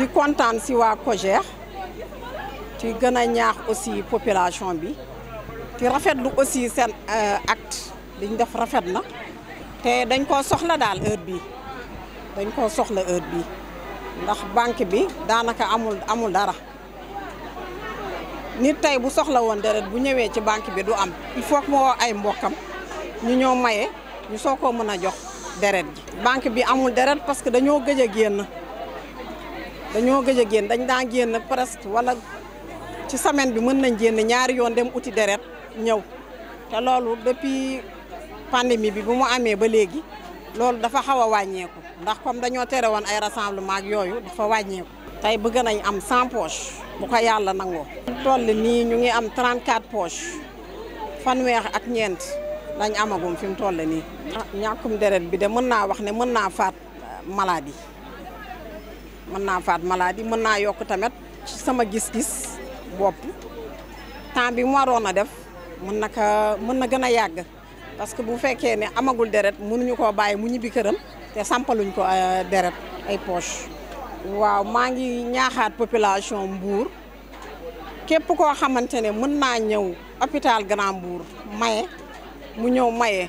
di contane ci wa COJER ci gëna ñaax aussi population bi ci rafetlu aussi sen euh, acte liñ def rafet na té dañ ko soxla dal heure bi dañ ko soxla heure bi ndax banque bi danaka amul amul dara nit tay bu soxla won deret bu ñëwé ci banque bi du am il faut que ay mbokam ñu ñoo mayé ñu soko mëna jox deret ji banque bi amul deret parce que dañoo gëjë a génn dañoo gëj a génn dañ daa génn presque wala ci semaine bi mën nañ génn ñaari yoon dem uti deret ñëw te loolu depuis pandémie bi bu mu amee ba léegi loolu dafa xaw a wàññeeku ndax comme dañoo tere woon ay rassemblement yooyu dafa wàññeeku tey bëgg nañ am 100 poche bu ko yàlla nangoo toll nii ñu ngi am 34 poche fanweer ak ñeent dañ amagum fi mu toll nii ah, ñàkkum deret bi de mën naa wax ne mën naa faat euh, maladie mën naa faat maladie mën naa yokk tamit sama gis-gis bopp bi mu waroon a def mën na ko mën na gën a yàgg parce que bu fekkee ne amagul deret mënuñu ko bàyyi mu ñibbi këram te sampaluñ ko euh, deret ay poche waaw maa ngi ñaaxaat population Mbour képp koo xamante ne mën naa ñëw hôpital Grand Mbour maye mu ñëw maye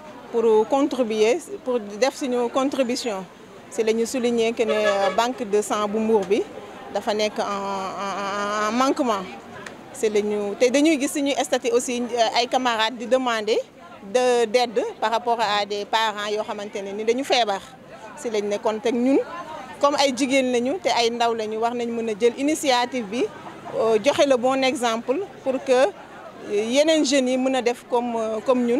pour contribuer pour def suñu contribution c'est que nous souligner que la euh, banque de sang bu Mbour bi dafa nekk en manquement C'est la ñu te dañuy gis suñuy statut aussi euh, ay camarades de demander de d'aide par rapport à des parents qui ont ne ni dañu feebar si lañ ne kon ñun comme ay jigéen lañu te ay ndaw lañu war nañ mën jël initiative bi donner euh, le bon exemple pour que les jeunes yi mën def comme comme ñun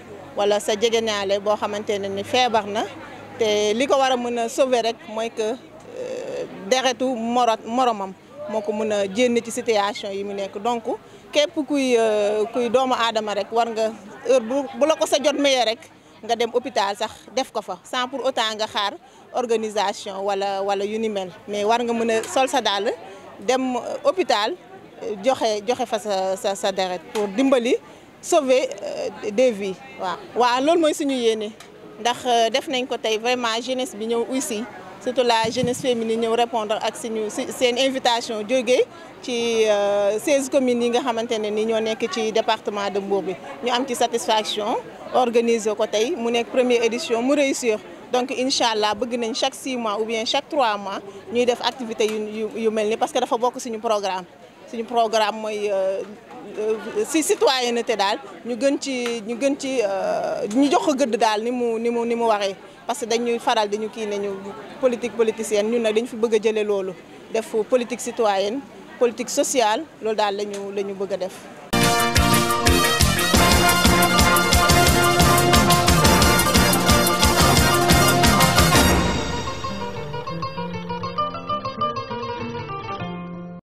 wala sa jegeñaale boo xamante ne ni feebar na te li ko war a mën a sauver rek mooy que euh, deretu moro moromam moo ko mën a jénn ci situation yi mu nekk donc képp kuy euh, kuy doomu aadama rek war nga heure bu bu la ko sa jot maye rek nga dem hôpital sax def ko fa sans pour autant nga xaar organisation wala wala yu ni mel mais war nga mën a sol sa dàll dem hôpital joxe joxe fa sa sa sa deret pour dimbali sauver euh, des vies waaw. waaw loolu mooy suñu yéene ndax euh, def nañ ko tey vraiment jeunesse bi ñëw aussi surtout la jeunesse féminine ñëw répondre ak C'est une invitation jógee ci 16 euh, communes yi nga xamante ñoo nekk ci département de Mbour bi ñu am ci satisfaction organiser ko tey mu première édition mu réussir. donc Inch'Allah, bëgg nañ chaque six mois ou bien chaque trois mois ñuy def activité yu yu parce que dafa bokk suñu programme. suñu programme mooy euh, euh, si citoyenneté daal ñu gën ci ñu gën ci euh, ñu jox ko gëdd daal ni mu ni mu ni mu waxee parce que dañuy faral di ñu kii ne ñu politique politicienne ñun nag dañu fi bëgg a jëlee loolu def politique citoyenne politique sociale loolu daal lañu la ñu bëgg a def